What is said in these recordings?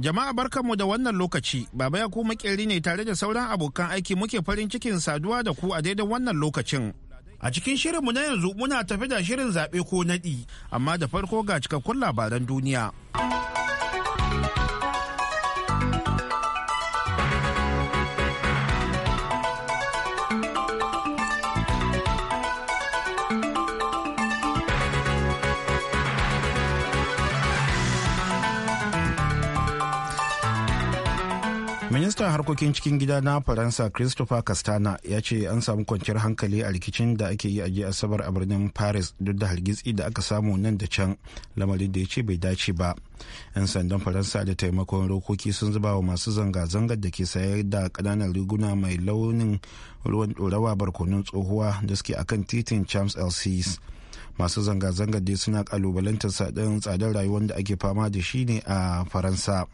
Jama'a mu da wannan lokaci, Baba ya ku makeri ne tare da sauran abokan aiki muke farin cikin saduwa da ku a daidai wannan lokacin. A cikin shirinmu na yanzu muna tafi da shirin zaɓe ko naɗi, amma da farko ga cikakkun labaran duniya. ministan harkokin cikin gida na faransa christopher castana ya ce an samu kwanciyar hankali a rikicin da ake yi a jiya asabar a birnin paris duk da hargitsi da aka samu nan da can lamarin da ya ce bai dace ba 'yan sandan faransa da taimakon rokoki sun zuba wa masu zanga-zangar da ke sayar da kananan riguna mai launin ruwan dorawa barkonon tsohuwa da suke akan titin champs elysees masu zanga-zangar dai suna kalubalantar tsadar rayuwar da ake fama da shi ne a faransa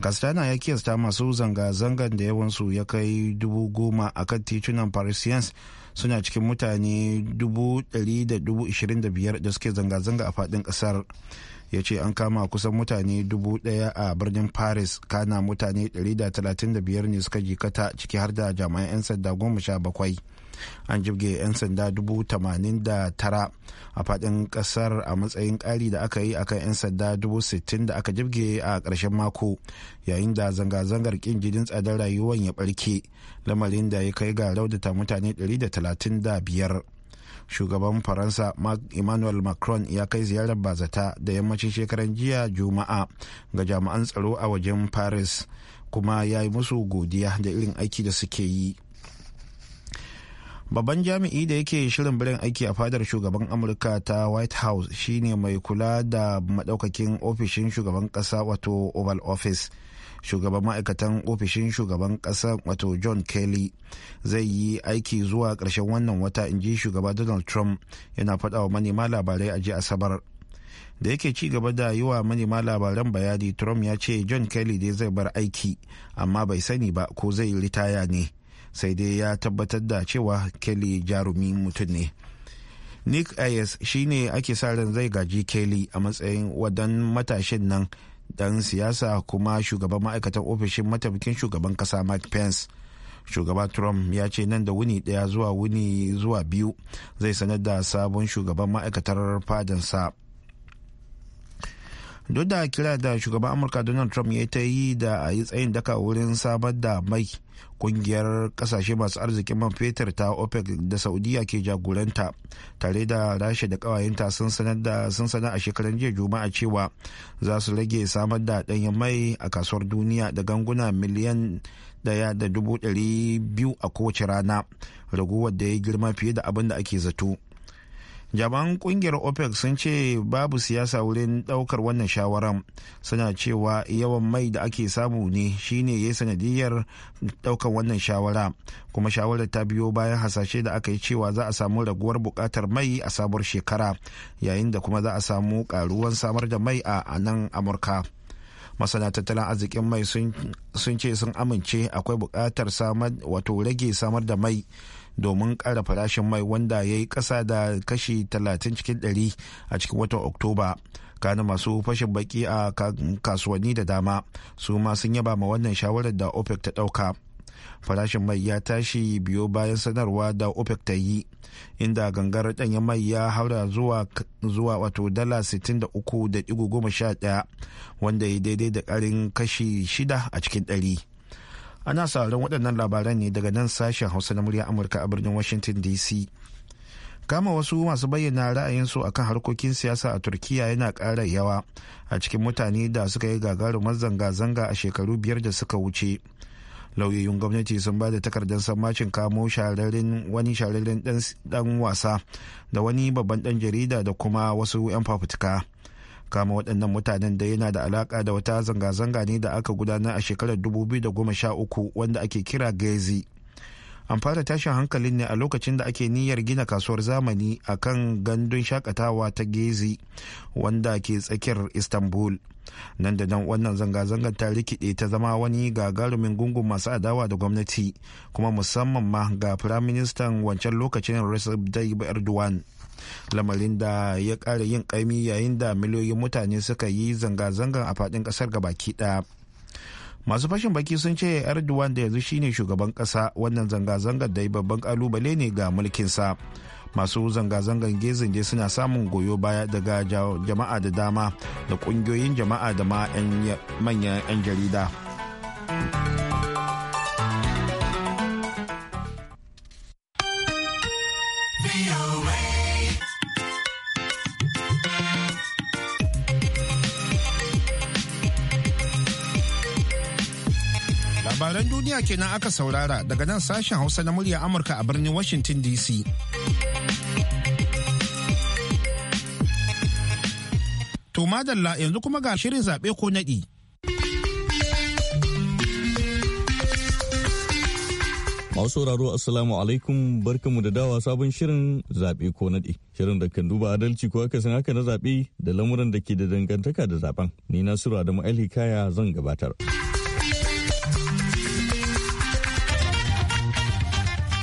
kastana ya kiyasta masu zanga-zangar da yawansu ya kai dubu goma a kan titunan Parisians suna cikin mutane dubu da biyar da suke zanga-zanga a faɗin ƙasar. ya ce an kama kusan mutane dubu daya a birnin paris kana mutane 135 ne suka jikata ciki har da jami'an 'yan sanda goma sha bakwai an jibge 'yan sanda dubu tamanin da tara a fadin kasar a matsayin kari da aka yi akan 'yan sanda dubu sittin da aka jibge a karshen mako yayin da zanga-zangar kin jidin tsadar rayuwar ya barke lamarin da ya kai ga raudata mutane 135 shugaban faransa emmanuel macron ya kai ziyarar bazata da yammacin shekaran jiya juma'a ga jami'an tsaro a wajen paris kuma ya yi musu godiya da irin aiki da suke yi babban jami'i da yake shirin birin aiki a fadar shugaban amurka ta white house shine mai kula da madaukakin ofishin shugaban kasa wato oval office shugaban ma'aikatan ofishin shugaban ƙasa wato john kelly zai yi aiki zuwa ƙarshen wannan wata in ji shugaba donald trump yana faɗa wa manema labarai a ji asabar da yake ci gaba da yi wa manema labaran bayani trump ya ce john kelly dai zai bar aiki amma bai sani ba ko zai ritaya ne sai dai ya tabbatar da cewa kelly jarumi mutum ne nick ayers shine ake sa ran zai gaji kelly a matsayin wadan matashin nan dan siyasa kuma shugaban ma'aikatan ofishin mataimakin shugaban kasa mike pence shugaba trump ya ce nan da wuni daya zuwa wuni zuwa biyu zai sanar da sabon shugaban ma'aikatar fadansa duk da kira da shugaban amurka donald trump ya ta yi da a yi tsayin daka wurin samar da mai kungiyar kasashe masu arzikin man fetur ta opec da saudiya ke jagoranta tare da rasha da kawayenta sun sanar a shekaran jiya juma'a cewa za su rage samar da ɗanyen mai a kasuwar duniya da ganguna miliyan daya da dubu dari biyu a kowace rana raguwar da ya girma fiye da abin da ake zato jami'an kungiyar opec sun ce babu siyasa wurin daukar wannan shawaran suna cewa yawan mai da ake samu ne shine ya sanadiyar daukar wannan shawara kuma shawarar ta biyo bayan hasashe da aka yi cewa za a samu raguwar bukatar mai a sabuwar shekara yayin da kuma za a samu karuwan samar da mai a nan amurka masana tattalin arzikin mai sun ce sun amince akwai bukatar wato rage samar da mai domin kara farashin mai wanda ya yi kasa da kashi 30 cikin 100 a cikin watan oktoba kana masu fashin baki a kasuwanni da dama su ma sun yaba ma wannan shawarar da opec ta ɗauka farashin mai ya tashi biyo bayan sanarwa da opec ta yi inda gangar danyen mai ya haura zuwa zuwa wato dala 63.11 wanda ya daidai da karin kashi 6 a cikin 100 ana sauraron waɗannan labaran ne daga nan sashen hausa na murya amurka a birnin washington dc kama wasu masu bayyana ra'ayinsu a kan harkokin siyasa a turkiya yana ƙara yawa a cikin mutane da suka yi gagarumar zanga-zanga a shekaru biyar da suka wuce lauyoyin gwamnati sun ba da takardar sammacin kamo wani shararren dan wasa da wani babban dan jarida da kuma wasu 'yan fafutuka kama waɗannan mutanen da yana da alaƙa da wata zanga-zanga ne da aka gudana a shekarar 2013 wanda ake kira gezi an fara tashin hankalin ne a lokacin da ake niyyar gina kasuwar zamani a kan gandun shakatawa ta gezi wanda ke tsakiyar istanbul nan da nan wannan zanga-zangar ta rikide ta zama wani gagarumin gungun masu adawa da gwamnati kuma musamman ma ga firaministan wancan lokacin recep tayyip erdogan lamarin da ya ƙara yin ƙaimi yayin da miliyoyin mutane suka yi zanga-zangar a faɗin ƙasar baki ɗaya masu fashin baki sun ce erdogan da yanzu shine shugaban ƙasa wannan zanga-zangar da babban ƙalubale ne ga mulkin sa masu zanga-zangar gezin dai suna samun goyo baya daga jama'a da dama da ƙungiyoyin jama'a da ma manyan 'yan jarida. Labaran kenan aka saurara daga nan sashen Hausa na murya Amurka a birnin Washington DC. To madalla yanzu kuma ga shirin zaɓe ko naɗi. Masu sauraro asalamu alaikum barkamu da dawa sabon shirin zaɓe ko naɗi. Shirin da kan duba adalci ko san haka na zaɓe da lamuran da ke da dangantaka da zaɓen Ni Nasiru Adamu Ali Kaya zan gabatar.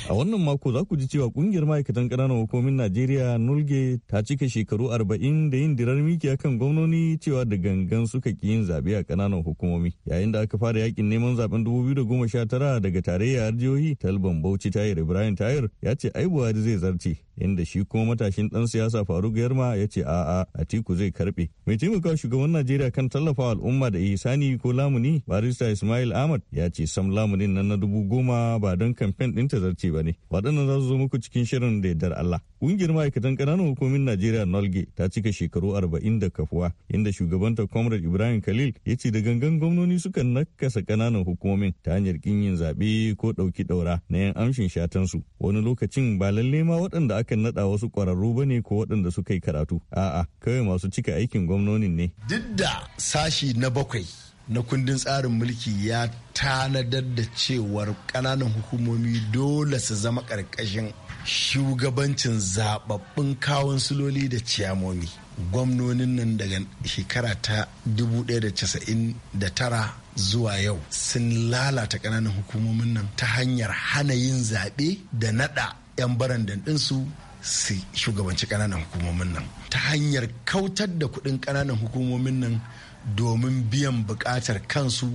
A wannan mako za ku ji cewa kungiyar ma'aikatan ƙananan hukumomin Najeriya Nulge ta cika shekaru arba'in da yin dirar mikiya kan gwamnoni cewa da gangan suka ki yin zaɓe a ƙananan hukumomi. Yayin da aka fara yakin neman zaɓen tara daga a jihohi Talban Bauchi Tayir Ibrahim Tayir ya ce ai Buhari zai zarce inda shi kuma matashin dan siyasa Faruk Yarma ya ce a'a Atiku zai karɓe. Mai taimaka shugaban Najeriya kan tallafa al'umma da ihsani ko lamuni barista Ismail Ahmad ya ce sam lamunin nan na dubu goma ba don kamfen ɗin ta zarce ba. ba ne waɗannan za su zo muku cikin shirin da yardar Allah ƙungiyar ma'aikatan ƙananan hukumin Najeriya Nolge ta cika shekaru arba'in da kafuwa inda shugabanta Comrade Ibrahim Khalil ya ce da gangan gwamnoni suka nakasa ƙananan hukumomin ta hanyar kin yin zaɓe ko ɗauki ɗaura na yan amshin shatansu wani lokacin ba lalle ma waɗanda aka naɗa wasu ƙwararru ba ne ko waɗanda suka yi karatu a'a kawai masu cika aikin gwamnonin ne duk da sashi na bakwai na kundin tsarin mulki ya tanadar da cewar ƙananan hukumomi dole su zama ƙarƙashin shugabancin zababbin kawun siloli da ciyamomi gwamnonin nan daga shekara ta 1999 zuwa yau sun lalata ƙananan hukumomin nan ta hanyar hana yin zaɓe da naɗa 'yan barandan dandinsu su shugabanci ƙananan hukumomin nan ta hanyar kautar da kuɗin ƙananan hukumomin nan domin biyan buƙatar kansu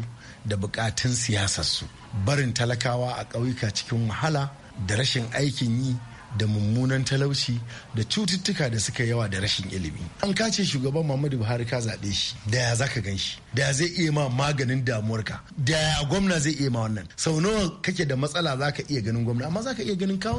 da buƙatun siyasarsu barin talakawa a ƙauyuka cikin wahala da rashin aikin yi da mummunan talauci da cututtuka da suka yawa da rashin ilimi an kace shugaban muhammadu buhari ka zaɓe shi da ya zaka gan shi da zai iya ma maganin damuwarka da ya gwamna zai iya ma wannan sau nawa kake da matsala zaka iya ganin gwamna amma zaka iya ganin ka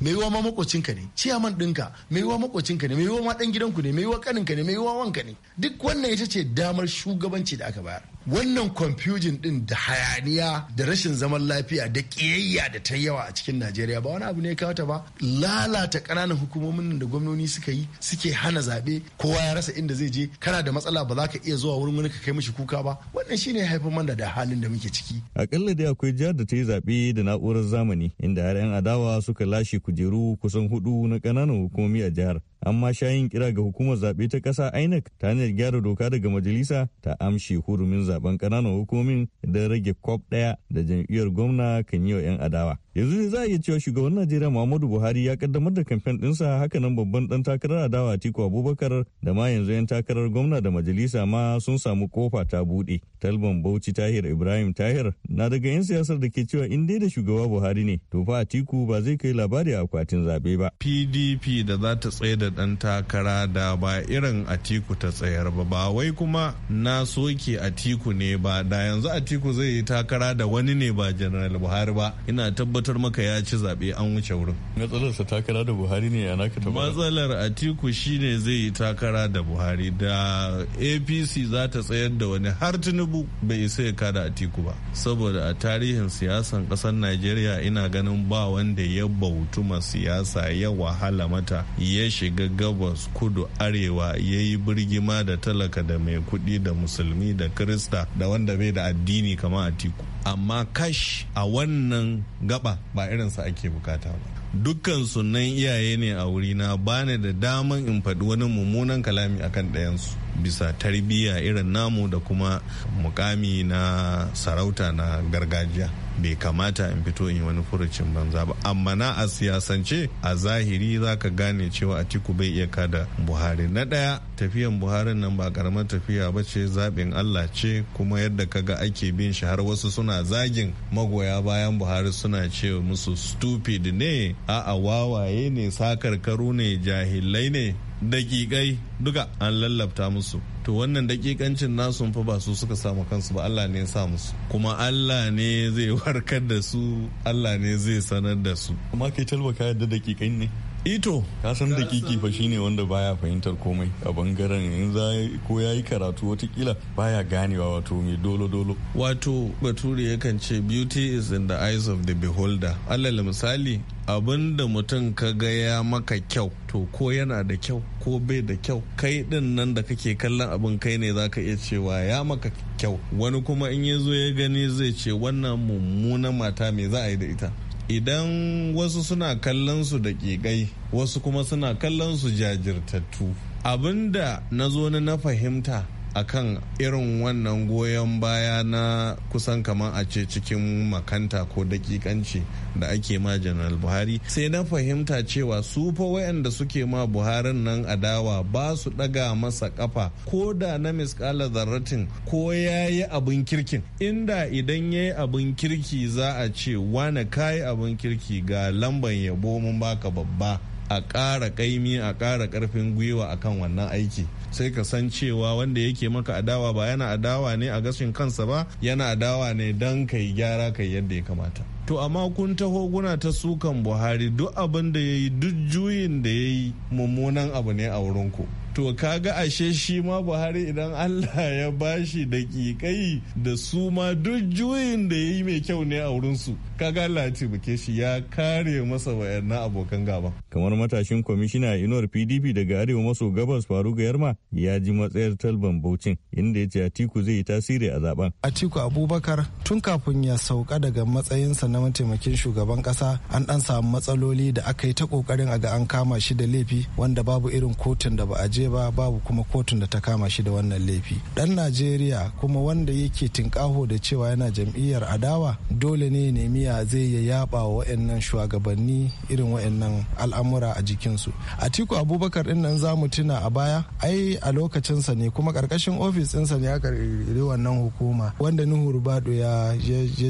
mai yiwa ma makocinka ne ciyaman ɗinka mai yiwa makocinka ne mai yiwa ma ɗan gidanku ne mai yiwa kaninka ne mai yiwa wanka ne duk wannan ita ce damar shugabanci da aka bayar wannan confusion din da hayaniya da rashin zaman lafiya da ƙiyayya da ta yawa a cikin najeriya ba wani abu ne ya ba lalata ƙananan hukumomin da gwamnoni suka yi suke hana zaɓe kowa ya rasa inda zai je kana da matsala ba za ka iya zuwa wurin wani ka kai mishi kuka ba wannan shine haifar mana da halin da muke ciki akalla dai akwai jihar da ta yi zaɓe da na'urar zamani inda har 'yan adawa suka lashe kujeru kusan hudu na ƙananan hukumomi a jihar amma shayin kira ga hukumar zaɓe ta ƙasa INEC ta hanyar gyara doka daga majalisa ta amshe hurumin zaben ƙananan hukumomin da rage kwab ɗaya da jam'iyyar gwamna kan yi wa 'yan adawa. yanzu ne za a iya cewa shugaban najeriya muhammadu buhari ya kaddamar da kamfen haka nan babban dan takarar adawa tiku abubakar da ma yanzu 'yan takarar gwamna da majalisa ma sun samu kofa ta bude. talban bauchi tahir ibrahim tahir na daga 'yan siyasar da ke cewa in dai da shugaba buhari ne to fa tiku ba zai kai labari a akwatin zabe ba pdp da za ta tsaye da ɗan takara da ba irin atiku ta tsayar ba ba wai kuma na soke atiku ne ba da yanzu atiku zai yi takara da wani ne ba general buhari ba ina tabbatar tabbatar maka ya ci zaɓe an wuce wurin. matsalarsa takara da Buhari ne a naka tabbatar. Matsalar Atiku shine zai yi takara da Buhari da APC za ta tsayar da wani har Tinubu bai isa ya kada Atiku ba. Saboda a tarihin siyasan ƙasar Najeriya ina ganin ba wanda ya bautu ma siyasa ya wahala mata ya shiga gabas kudu arewa ya yi birgima da talaka da mai kuɗi da musulmi da kirista da wanda bai da addini kama Atiku. amma kash a wannan gaba ba irinsa ake bukata ba dukkan sunan iyaye ne a wurina ba da daman in faɗi wani mummunan kalami akan ɗayansu bisa tarbiyya irin namu da kuma mukami na sarauta na gargajiya bai kamata in fito in yi wani furucin banza ba amma na a siyasance a zahiri za ka gane cewa a tiku bai iya kada buhari na ɗaya tafiyan buhari nan ba karamar tafiya ba ce zaɓin allah ce kuma yadda ka kaga ake bin shi har wasu suna zagin magoya bayan buhari suna ce musu stupid ne a'a wawaye ne sakarkaru ne jahilai ne dakikai duka an lallabta musu to wannan dakikancin nasu fa ba su suka samu kansu ba Allah ne ya sa musu kuma Allah ne zai warkar da su Allah ne zai sanar da su amma kai talba ka yadda dakikai ne ito eh ka san dakiki fa shine wanda baya fahimtar komai a bangaren in za ko yayi karatu watakila baya ganewa wato mai dolo dolo wato bature yakan ce beauty is in the eyes of the beholder alal misali abin da mutum ka gaya maka kyau to ko yana da kyau ko bai da kyau kai din nan da kake kallon abin kai ne za ka iya cewa ya maka kyau wani kuma in ya zo ya gani zai ce wannan mummuna mata me za a yi da ita idan wasu suna kallon su da ƙiƙai wasu kuma suna kallon su jajirtattu abin da na zo na fahimta akan irin wannan goyon baya na kusan kamar a ce cikin makanta ko dakikanci da ake ma janar buhari sai na fahimta cewa su fa wayanda suke ma buharin nan adawa ba su daga masa kafa ko da na miskala zarratin ko ya yi abin kirkin inda idan ya yi abin kirki za a ce wane kayi abin kirki ga lamban yabo mun baka babba a ƙara ƙaimi a ƙara ƙarfin gwiwa a kan wannan aiki sai ka san cewa wanda yake maka adawa ba yana adawa ne a gashin kansa ba yana adawa ne don ka yi gyara ka yadda ya kamata to amma kun taho guna ta sukan buhari duk abin da ya yi duk juyin da ya yi mummunan abu ne a wurinku to kaga ashe shi ma buhari idan allah ya bashi daƙiƙai da su ma duk juyin da ya yi mai kyau ne a wurinsu kaga Allah ya taimake shi ya kare masa na abokan gaba. Kamar matashin kwamishina inuwar PDP daga Arewa maso gabas faru ga Yarma ya ji matsayar Talban Baucin inda ya ce Atiku zai yi tasiri a zaben. Atiku Abubakar tun kafin ya sauka daga matsayinsa na mataimakin shugaban kasa an dan samu matsaloli da aka yi ta kokarin a ga an kama shi da laifi wanda babu irin kotun da ba a je ba babu kuma kotun da ta kama shi da wannan laifi. Dan Najeriya kuma wanda yake tinkaho da cewa yana jam'iyyar adawa dole ne nemi miya zai ya yaba wa wa'annan shugabanni irin wa'annan al'amura a jikinsu atiku abubakar din nan zamu tuna a baya ai a lokacinsa ne kuma karkashin ofis ɗinsa ne aka ƙirƙiri wannan hukuma wanda nuhu rubado ya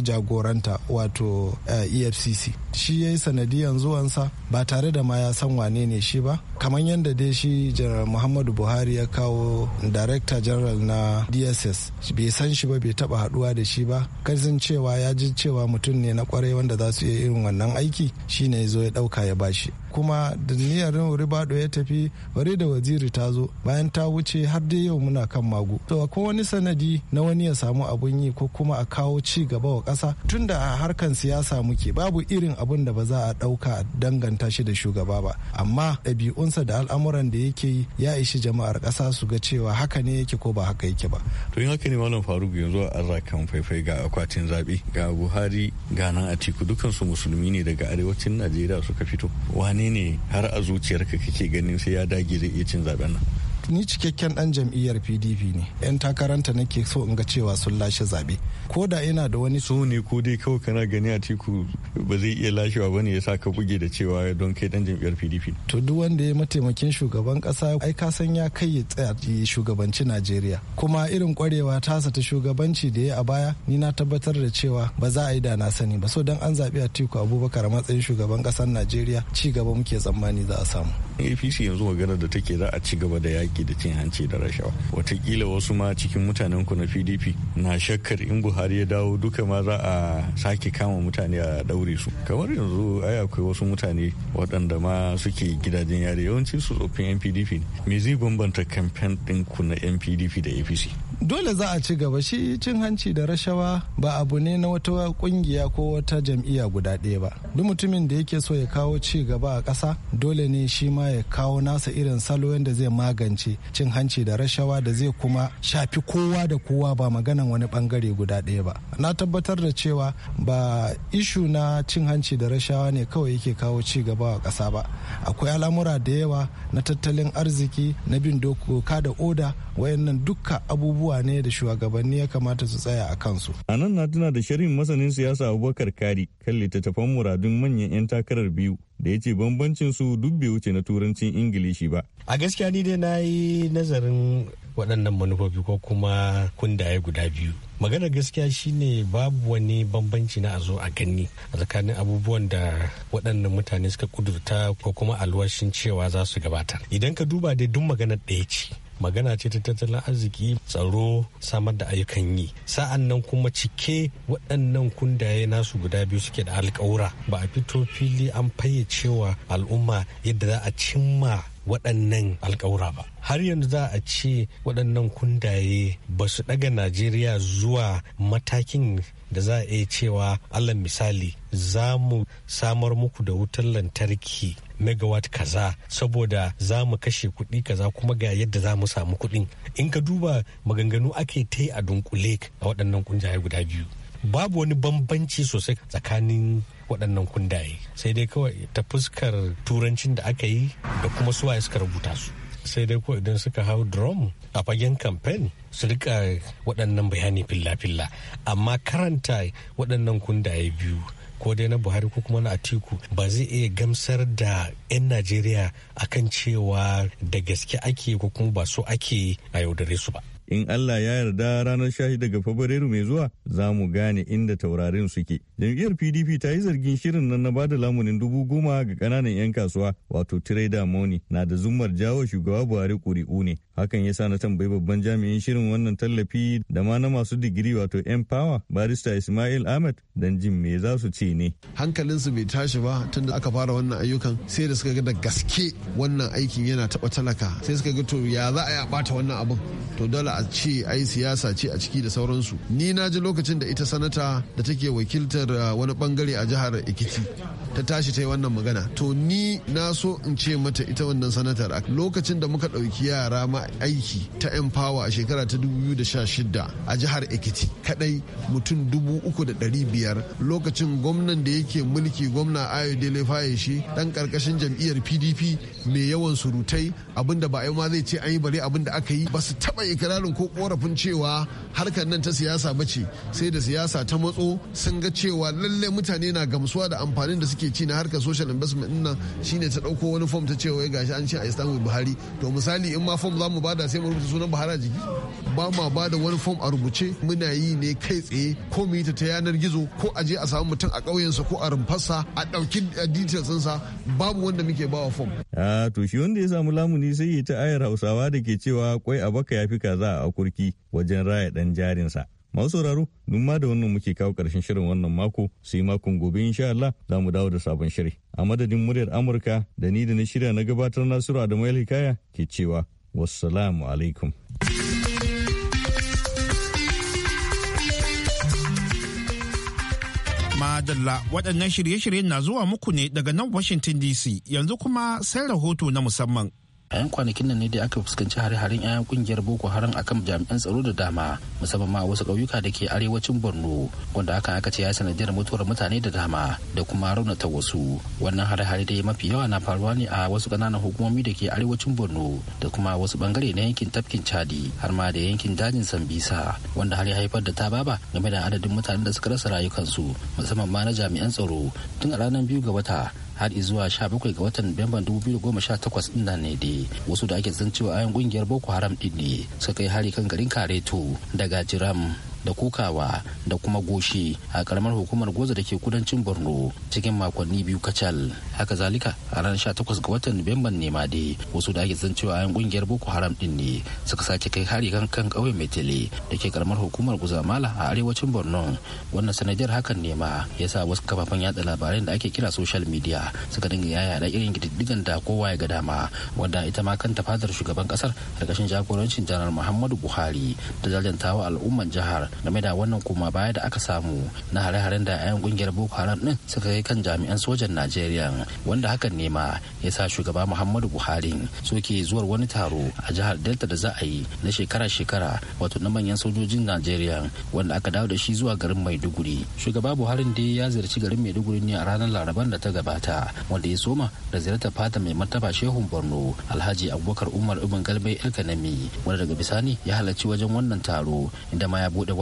jagoranta wato efcc eh, e shi ya yi sanadiyan zuwansa ba tare da ma ya san wane ne shi ba kamar yadda dai shi janar muhammadu buhari ya kawo director general na dss bai san shi ba bai taba haduwa da shi ba karzin cewa ya ji cewa mutum ne na na kwarai wanda za su iya irin wannan aiki shine ya zo ya ɗauka ya bashi kuma da niyyar ribado ya tafi bari da waziri ta zo bayan ta wuce har dai yau muna kan magu to ko wani sanadi na wani ya samu abun yi ko kuma a kawo ci gaba wa kasa tunda a harkan siyasa muke babu irin abun da ba za a dauka danganta shi da shugaba ba amma ɗabi'unsa da al'amuran da yake yi ya ishi jama'ar kasa su ga cewa haka ne yake ko ba haka yake ba to in haka ne malam faruk yanzu a rakan faifai ga akwatin zaɓe ga buhari ga mutanen atiku dukansu musulmi ne daga arewacin najeriya suka fito wane ne har a zuciyarka kake ganin sai ya dage zai iya cin zaben nan ni cikakken dan jam'iyyar pdp ne yan takaranta nake so in ga cewa sun lashe zabe ko da ina da wani so ne ko dai kawai kana gani a tiku ba zai iya lashewa bane ya sa ka buge da cewa don kai dan jam'iyyar pdp to duk wanda ya mataimakin shugaban kasa ai ka san ya kai ya tsaya shugabanci najeriya kuma irin kwarewa tasa ta shugabanci da ya a baya ni na tabbatar da cewa ba za a yi da na sani ba so dan an zabi a tiku abubakar matsayin shugaban kasar najeriya ci gaba muke tsammani za a samu apc yanzu maganar da take za a ci gaba da yaki da cin hanci da rashawa watakila wasu ma cikin mutanen ku na pdp na shakkar in buhari ya dawo duka ma za a sake kama mutane a daure su kamar yanzu ai akwai wasu mutane waɗanda ma suke gidajen yare yawanci su tsofin yan pdp ne me zai bambanta kamfen ɗin ku na yan pdp da apc dole za a ci gaba shi cin hanci da rashawa ba abu ne na wata kungiya ko wata jam'iyya guda ɗaya ba duk mutumin da yake so ya kawo ci gaba a ƙasa dole ne shi ma ya kawo nasa irin salo yadda zai magance cin hanci da rashawa da zai kuma shafi kowa da kowa ba maganan wani bangare guda ɗaya ba na tabbatar da cewa ba ishu na cin hanci da rashawa ne kawai yake kawo ci gaba a ƙasa ba akwai al'amura da yawa na tattalin arziki na bin doka da oda wayannan dukka abubuwa ne da shugabanni ya kamata su tsaya a kansu a nan na tuna da shirin masanin siyasa abubakar kari kan littattafan muradun manyan 'yan takarar biyu da ya ce bambancin su duk bai wuce na turancin ingilishi ba a gaskiya ni dai na yi nazarin waɗannan manufofi ko kuma kundaye guda biyu maganar gaskiya shine babu wani bambanci na a a gani a tsakanin abubuwan da waɗannan mutane suka kudurta ko kuma alwashin cewa za su gabatar idan ka duba dai duk maganar ɗaya ce magana ce ta tattalin arziki tsaro samar da ayyukan yi sa'an nan kuma cike waɗannan kundaye nasu guda biyu suke da alƙawura ba a fito fili an fayyacewa al'umma yadda za a cimma waɗannan alƙawura ba har yanzu za a ce waɗannan kundaye ba su ɗaga najeriya zuwa matakin da za a iya cewa allah misali za mu samar muku da wutar lantarki megawatt kaza saboda za mu kashe kuɗi kaza kuma ga yadda za mu samu kuɗin in ka duba maganganu ake ta yi a dunkule a waɗannan kunjaye guda biyu babu wani bambanci sosai tsakanin waɗannan kundaye sai dai kawai ta fuskar turancin da aka yi da kuma suwaye suka rubuta su sai dai kawai idan suka hau drum a fagen campaign su rika waɗannan bayani filla-filla amma karanta waɗannan kundaye biyu ko dai na buhari ko kuma na atiku ba zai iya gamsar da 'yan najeriya akan cewa da gaske ake ko kuma ba so ake a yaudare su ba in Allah ya yarda ranar shahi daga Fabrairu mai zuwa za mu gane inda taurarin suke. Jam'iyyar PDP ta yi zargin shirin nan na ba da lamunin dubu goma ga kananan 'yan kasuwa wato Trader Money na da zummar jawo shugaba Buhari ƙuri'u ne. Hakan ya sa na tambayi babban jami'in shirin wannan tallafi da ma na masu digiri wato Empower barista Ismail Ahmed dan jin me za su ce ne. Hankalinsu bai tashi ba tun da aka fara wannan ayyukan sai da suka ga da gaske wannan aikin yana taɓa talaka sai suka ga to ya za a yi a ɓata wannan abun to dole a ce a yi siyasa ce a ciki da sauransu ni na ji lokacin da ita sanata da take wakiltar uh, wani bangare a jihar ekiti ta tashi ta yi wannan magana to ni na so in ce mata ita wannan sanatar lokacin da muka ɗauki yara ma aiki ta empower a shekara ta 2016 a jihar ekiti kadai mutum biyar lokacin gwamnan da yake mulki gwamna faye shi dan karkashin jam'iyyar pdp mai yawan surutai abinda ba a yi ma zai ce an yi bare abinda aka yi ba su taɓa ikirar. inkarin ko korafin cewa harkar nan ta siyasa bace sai da siyasa ta matso sun ga cewa lalle mutane na gamsuwa da amfanin da suke ci na harkar social investment din nan shine ta dauko wani form ta cewa gashi an ce a istanbul buhari to misali in ma form zamu bada sai mu rubuta sunan buhari a jiki ba ma bada wani form a rubuce muna yi ne kai tsaye ko mu yi ta ta yanar gizo ko a je a samu mutum a ƙauyensa ko a rumfarsa a ɗauki details sa babu wanda muke bawa form. a ah, to shi wanda ya samu lamuni sai ya ta ayar hausawa da ke cewa kwai a baka ya fi kaza a kurki wajen raya ɗan jarinsa. Masu sauraro, duk ma da wannan muke kawo ƙarshen shirin wannan mako, sai makon gobe insha Allah za mu dawo da sabon shiri. A madadin muryar Amurka da ni da na shirya na gabatar Nasiru Adamu Hikaya ke cewa, wassalamu alaikum. Madalla waɗannan shirye-shiryen na zuwa muku ne daga nan Washington DC yanzu kuma sai rahoto na musamman. a yan kwanakin nan ne dai aka fuskanci hare-haren 'ya'yan kungiyar boko haram akan jami'an tsaro da dama musamman ma wasu ƙauyuka da ke arewacin borno wanda aka aka ce ya sanadiyar mutuwar mutane da dama da kuma raunata wasu wannan hare-hare dai mafi yawa na faruwa ne a wasu ƙananan hukumomi da ke arewacin borno da kuma wasu bangare na yankin tafkin chadi har ma da yankin dajin sambisa wanda har ya haifar da tababa game da adadin mutanen da suka rasa rayukansu musamman ma na jami'an tsaro tun a ranar biyu ga wata har zuwa 17 ga watan Nuwamban 2018 din ne dai wasu da ake zancewa cewa ayan kungiyar Boko Haram ɗin ne suka kai hari kan garin Kareto daga Jiram da kukawa da kuma goshi a karamar hukumar goza da ke kudancin borno cikin makonni biyu kacal haka zalika a ranar 18 ga watan nuwamban ne ma dai wasu da ake san cewa yan kungiyar boko haram din ne suka sake kai hari kan kan mai metele da ke karamar hukumar guzamala a arewacin borno wannan sanadiyar hakan ne ma ya sa wasu kafafen yada labaran da ake kira social media suka dinga yaya da irin gididdigan da kowa ya ga dama wanda ita ma kanta fadar shugaban kasar karkashin jagorancin janar muhammadu buhari da jajantawa al'umman jihar game da wannan koma baya da aka samu na hare-haren da 'yan kungiyar boko haram din suka kai kan jami'an sojan najeriya wanda hakan ne ma ya sa shugaba muhammadu buhari soke zuwar wani taro a jihar delta da za a yi na shekara-shekara wato na manyan sojojin najeriya wanda aka dawo da shi zuwa garin maiduguri shugaba buhari dai ya ziyarci garin maiduguri ne a ranar laraban da ta gabata wanda ya soma da ziyartar fata mai martaba shehun borno alhaji abubakar umar ibn galbai elkanami wanda daga bisani ya halarci wajen wannan taro inda ma ya bude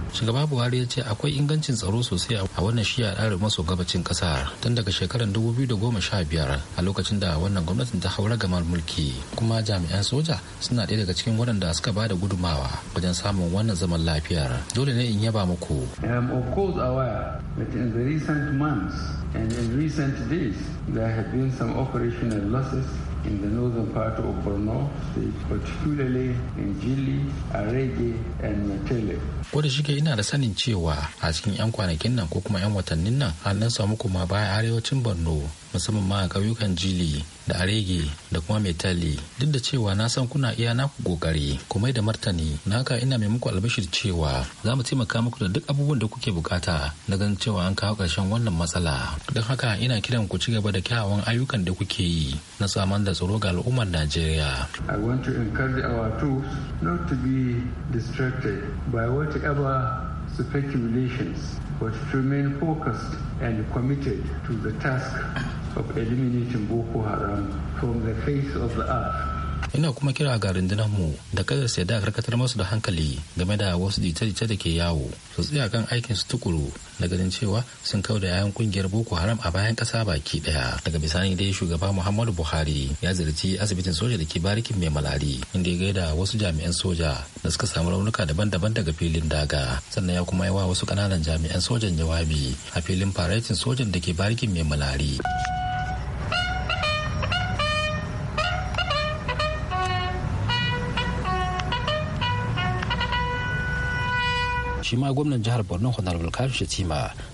shugaba buhari ya ce akwai ingancin tsaro sosai a wannan a arewa maso gabacin kasa tun daga shekarar 2015 a lokacin da wannan gwamnatin ta haura gamar mulki kuma jami'an soja suna ɗaya daga cikin waɗanda suka ba da gudumawa wajen samun wannan zaman lafiyar dole ne in yaba muku um, And in recent days, there have been some operational losses in the northern part of Borno state, particularly in Jili, Arege, and Matele. Ko da shike ina da sanin cewa a cikin 'yan kwanakin nan ko kuma 'yan watannin nan an nan samu kuma baya arewacin Borno musamman ma a ƙauyukan jili da arege da kuma metali duk da cewa na san kuna iya naku kokari kuma da martani na haka ina mai muku albashir cewa za mu taimaka muku da duk abubuwan da kuke bukata na ganin cewa an kawo ƙarshen wannan matsala don haka ina kiran ku ci gaba da kyawawan ayyukan da kuke yi na samar da tsaro ga al'ummar Najeriya. I want to encourage our troops not to be distracted by whatever speculations but to remain focused and committed to the task of eliminating Boko Haram from the face of the earth. ina kuma kira ga mu da kada sai da karkatar masu da hankali game da wasu jita-jita da ke yawo su tsaya kan aikin su tukuru na ganin cewa sun da yayan kungiyar boko haram a bayan kasa baki daya daga bisani dai shugaba muhammadu buhari ya ziyarci asibitin soja da ke barikin mai malari inda ya gaida wasu jami'an soja da suka samu raunuka daban-daban daga filin daga sannan ya kuma yi wa wasu kananan jami'an sojan jawabi a filin faretin sojan da ke barikin mai malari. shi ma gwamnan jihar borno honorable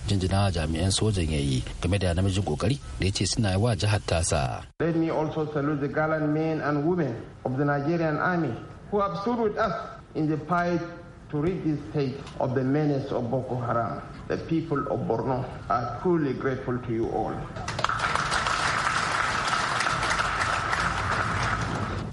jinjina jami'an sojan ya yi game da namijin kokari da ya ce suna yi wa jihar tasa let me also salute the gallant men and women of the nigerian army who have stood with us in the fight to rid this state of the menace of Boko Haram. The people of Borno are truly grateful to you all.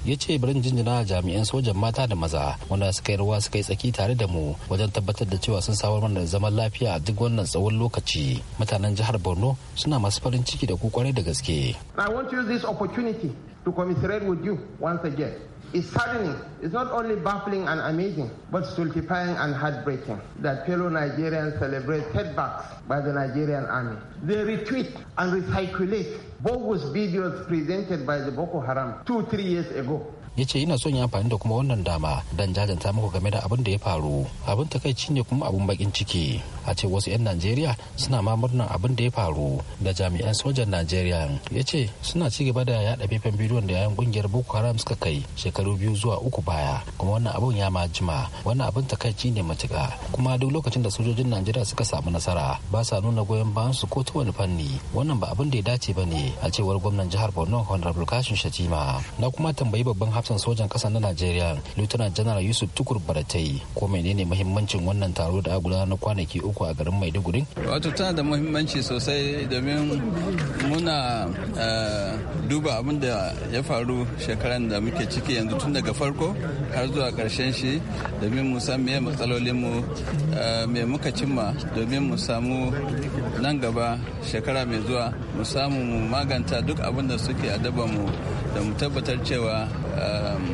ya ce birin jinjina jami'an sojan mata da maza wanda suka yi ruwa suka yi tsaki tare da mu wajen tabbatar da cewa sun samar mana zaman lafiya a duk wannan tsawon lokaci mutanen jihar borno suna masu farin ciki da ku kwarai da gaske i want to use this opportunity to commiserate with you once again It's saddening. It's not only baffling and amazing, but stultifying and heartbreaking that fellow Nigerians celebrate setbacks by the Nigerian army. They retweet and recirculate bogus videos presented by the Boko Haram two, three years ago. ya ce ina son yi amfani da kuma wannan dama don jajanta muku game da abin da ya faru abin takaici ne kuma abin bakin ciki a ce wasu 'yan najeriya suna ma murnan abin da ya faru da jami'an sojan najeriya ya ce suna ci gaba da yaɗa faifan bidiyon da yayan kungiyar boko haram suka kai shekaru biyu zuwa uku baya kuma wannan abin ya ma jima wannan abin takaici ne matuka kuma duk lokacin da sojojin najeriya suka samu nasara ba sa nuna goyon bayan su ko ta wani fanni wannan ba abin da ya dace ba ne a cewar gwamnan jihar borno honorable kashin shatima na kuma tambayi babban hafsan sojan ƙasa na najeriya lieutenant general yusuf tukur baratai ko menene muhimmancin wannan taro da gudanar na kwanaki uku a garin maiduguri wato tana da muhimmanci sosai domin muna eh, duba abin da ya faru shekaran da muke ciki yanzu tun daga farko har zuwa karshen shi domin mu san meye matsalolinmu eh, me muka cimma domin mu samu nan gaba shekara mai zuwa mu samu mu maganta duk abin da suke a mu da mu tabbatar cewa um,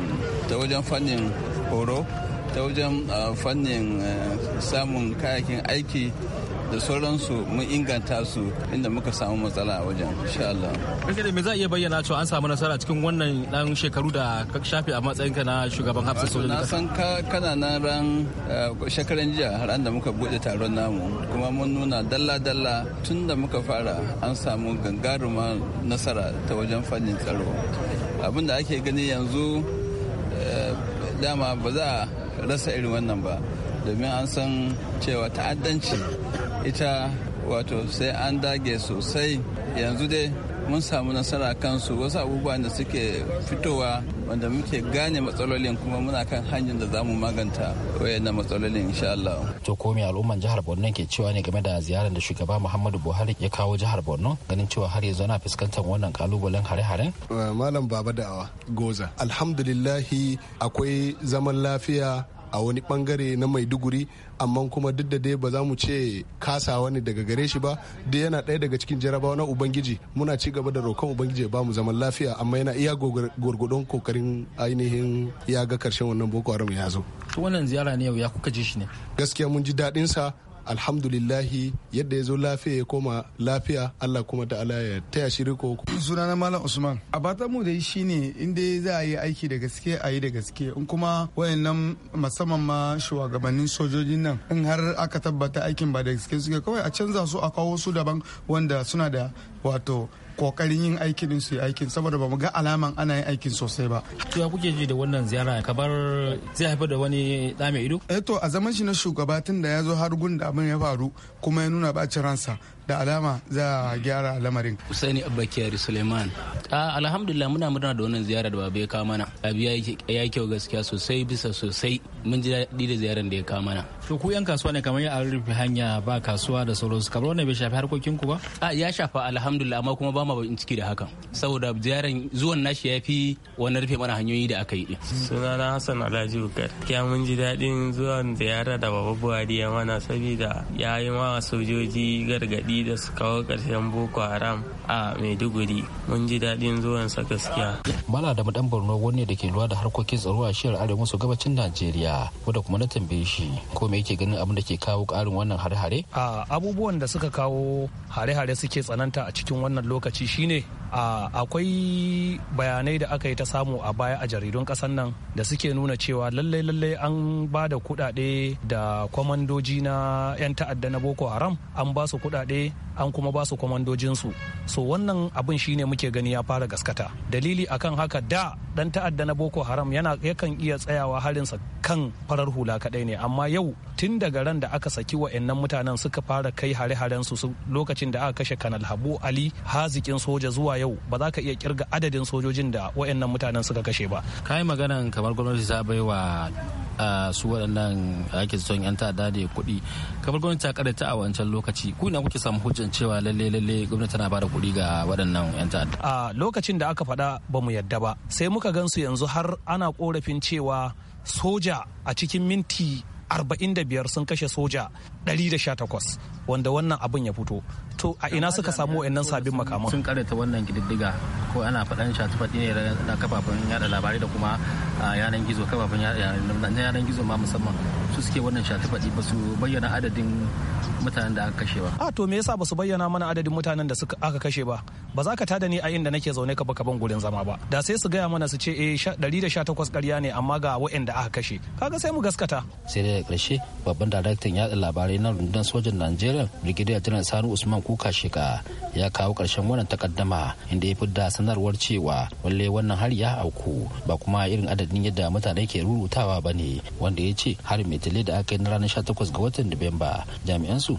ta wajen fannin horo ta wajen uh, fannin uh, samun kayakin aiki da sauransu mun inganta su inda muka samu matsala a wajen insha Allah. Kake da me za a iya bayyana cewa an samu nasara cikin wannan dan shekaru da ka shafe a matsayin na shugaban hafsa sojoji. Na san ka kana nan ran eh, shekaran jiya har an da muka bude taron namu kuma mun nuna dalla-dalla tun da muka fara an samu gangaruma nasara ta wajen fannin tsaro. Abin da ake gani yanzu eh, dama ba za a rasa irin wannan ba domin an san cewa ta'addanci ita wato sai an dage sosai yanzu dai mun samu nasara kansu wasu abubuwa da suke fitowa wanda muke gane matsalolin kuma muna kan hanyar da zamu maganta wayannan matsalolin insha Allah. To ko al'umman jihar Borno ke cewa ne game da ziyarar da shugaba Muhammadu Buhari ya kawo jihar Borno ganin cewa har yanzu ana fuskantar wannan kalubalen hare hare Malam Baba Da'awa Goza. Alhamdulillahi akwai zaman lafiya a wani bangare na maiduguri amma kuma duk da dai ba za mu ce kasa wani daga gare shi ba dai yana ɗaya daga cikin jarabawa na ubangiji muna ci gaba da roƙon ubangiji ba mu zaman lafiya amma yana iya gwargwadon kokarin ainihin ya ga karshen wannan boko haram ya zo wannan ziyara ne yau ya kuka ji shi ne gaskiya mun ji daɗin sa alhamdulillahi yadda ya zo lafiya ya koma lafiya Allah kuma ta'ala ya taya shi riko sunana malam usman a bata mu da shine inda za a yi aiki da gaske a yi da gaske in kuma wayannan musamman ma shugabannin sojojin nan in har aka tabbata aikin ba da gaske suke kawai a canza su a kawo su daban wanda suna da wato kokarin yin aikin din su yi aikin saboda ba mu ga alaman ana yin aikin sosai ba to ya kuke ji da wannan ziyara kabar zai haifar da wani da mai ido eh to a zaman shi na shugaba tun da ya zo har gun da abin ya faru kuma ya nuna bacin ransa da alama za a gyara lamarin. Usaini Abbakiyari Suleiman. A alhamdulillah muna murna da wannan ziyara da baba ya kama mana. Abi ya kyau gaskiya sosai bisa sosai mun ji daɗi da ziyarar da ya kama mana. To ku yan kasuwa ne kamar ya rufe hanya ba kasuwa da sauransu kamar wannan bai shafi harkokin ku ba? A ya shafa alhamdulillah amma kuma ba ma bakin ciki da hakan. Saboda ziyarar zuwan nashi ya fi wani rufe mana hanyoyi da aka yi. Sunana Hassan Alhaji Bukar. Kiya mun ji daɗin zuwan ziyara da baba Buhari ya mana saboda ya yi ma sojoji gargadi. daɗi da su kawo ƙarshen boko haram a maiduguri mun ji daɗin zuwan sa gaskiya mala da madan borno wani da ke lura da harkokin tsaro a shiyar arewa maso gabacin najeriya wanda kuma na tambaye shi ko me yake ganin abin da ke kawo ƙarin wannan hare-hare abubuwan da suka kawo hare-hare suke tsananta a cikin wannan lokaci shine akwai bayanai da aka yi ta samu a baya a jaridun kasan nan da suke nuna cewa lallai lallai an ba da kuɗaɗe da kwamandoji na 'yan ta'adda na boko haram an ba su kuɗaɗe an kuma ba su kwamandojinsu so wannan abin shine muke gani ya fara gaskata dalili akan haka da dan ta'adda na boko haram yana yakan iya tsayawa harinsa kan farar hula kadai ne amma yau tun daga ran da aka saki wa'annan mutanen suka fara kai hare-haren su lokacin da aka kashe kanal habu ali hazikin soja zuwa yau ba za ka iya kirga adadin sojojin da wayannan mutanen suka kashe ba kai magana kamar gwamnati ta baiwa su waɗannan ake son yan ta'adda da kuɗi kamar gwamnati ta karanta a wancan lokaci ku ina kuke samu hujjan cewa lalle lalle gwamnati tana bada kuɗi ga waɗannan yan ta'adda a lokacin da aka faɗa ba mu yadda ba sai muka gansu yanzu har ana korafin cewa soja a cikin minti 45 sun kashe soja 118 wanda wannan abin ya fito to a ina suka samu wayannan sabbin makaman sun karanta wannan gididdiga ko ana faɗan shatufaɗi ne da kafafen yada labarai da kuma yanan gizo kafafen yanan gizo ma musamman su suke wannan shatufaɗi ba su bayyana adadin mutanen da aka kashe ba a to me yasa ba su bayyana mana adadin mutanen da suka aka kashe ba ba za ka tada ni a inda nake zaune ka baka ban gurin zama ba da sai su gaya mana su ce eh 118 ƙarya ne amma ga wayanda aka kashe kaga sai mu gaskata sai dai daga ƙarshe babban daraktan yada labarai na rundunar sojan najeriya brigadier general sani usman kuka shika ya kawo ƙarshen wannan takaddama inda ya fidda sanarwar cewa walle wannan hari ya auku ba kuma irin adadin yadda mutane ke rurutawa ba ne wanda ya ce har mai da aka yi na ranar 18 ga watan nuwamba jami'an su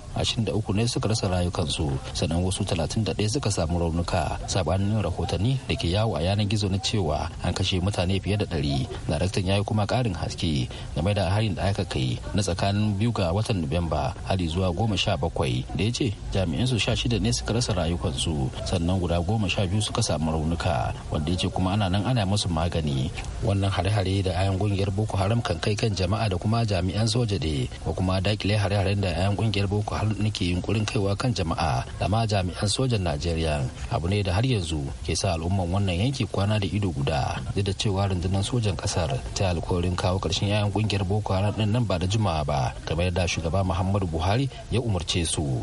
uku ne suka rasa rayukansu sannan wasu talatin da 31 suka samu raunuka sabanin rahotanni da ke yawo a yanar gizo na cewa an kashe mutane fiye da ɗari daraktan ya yi kuma ƙarin haske game da harin da aka kai na tsakanin biyu ga watan nuwamba har zuwa goma sha bakwai da ya ce jami'an su sha shida ne suka rasa rayukansu sannan guda goma sha biyu suka samu raunuka wanda ya ce kuma ana nan ana musu magani wannan hare-hare da ayan kungiyar boko haram kan kai kan jama'a da kuma jami'an soja ne ko kuma dakile hare-haren da ayan kungiyar boko haram nake yunkurin kaiwa kan jama'a da ma jami'an sojan najeriya abu ne da har yanzu ke sa al'umman wannan yanki kwana da ido guda duk da cewa rundunar sojan kasar ta alkawarin kawo karshen yayan kungiyar boko haram din nan ba da jimawa ba kamar yadda shugaba muhammadu buhari ya umarce su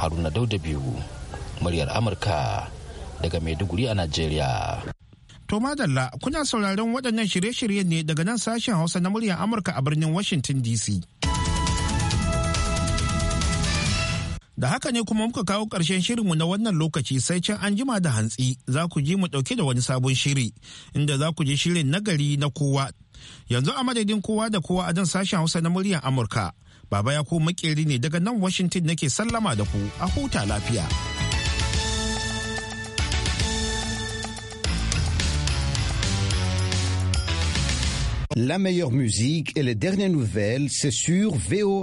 haruna dauda biyu muryar amurka daga maiduguri a najeriya to madalla kuna sauraron waɗannan shirye-shirye ne daga nan sashen hausa na muryar amurka a birnin washington dc Da haka ne kuma muka kawo ƙarshen shirinmu na wannan lokaci sai can an jima da hantsi za ku ji mu ɗauke da wani sabon shiri inda za ku ji shirin nagari na kowa. Yanzu a madadin kowa da kowa a dan sashen Hausa na muryar Amurka. Baba ya ko makeri ne daga nan Washington nake sallama da ku a huta lafiya. La meilleure musique et les dernières nouvelles, c'est sur VO.